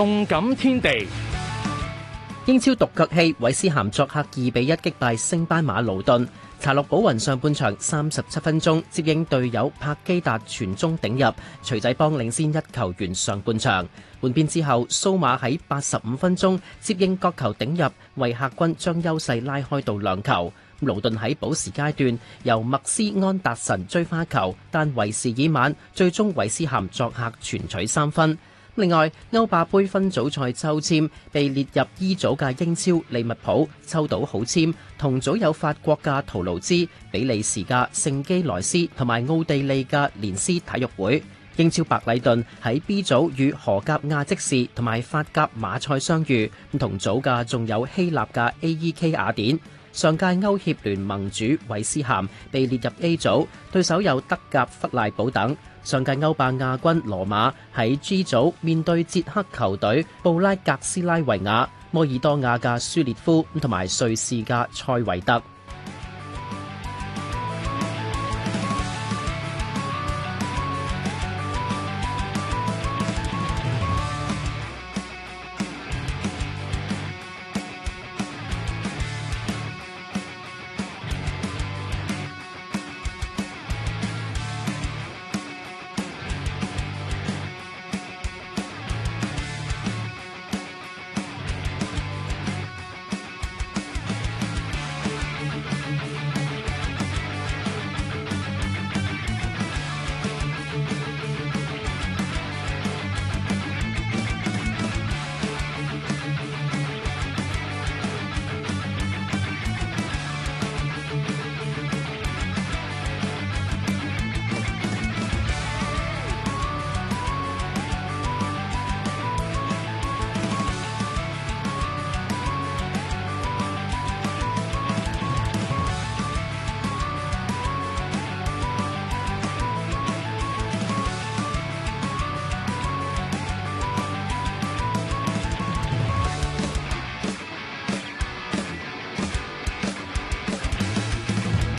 動感天地，英超獨腳戲，韋斯咸作客二比一擊敗升班馬盧頓。查洛保雲上半場三十七分鐘接應隊友柏基達傳中頂入，鎚仔幫領先一球完上半場。換邊之後，蘇馬喺八十五分鐘接應角球頂入，為客軍將優勢拉開到兩球。盧頓喺補時階段由麥斯安達臣追花球，但為時已晚，最終韋斯咸作客全取三分。另外，歐霸盃分組賽抽籤被列入 E 組嘅英超利物浦抽到好籤，同組有法國嘅圖盧茲、比利時嘅聖基萊斯同埋奧地利嘅連斯體育會。英超白禮頓喺 B 組與荷甲亞積士同埋法甲馬賽相遇，同組嘅仲有希臘嘅 A.E.K. 雅典。上屆歐協聯盟主韋斯咸被列入 A 組，對手有德甲弗賴堡等。上屆歐霸亞軍羅馬喺 G 組，面對捷克球隊布拉格斯拉維亞、摩爾多瓦嘅舒列夫，同埋瑞士嘅塞維特。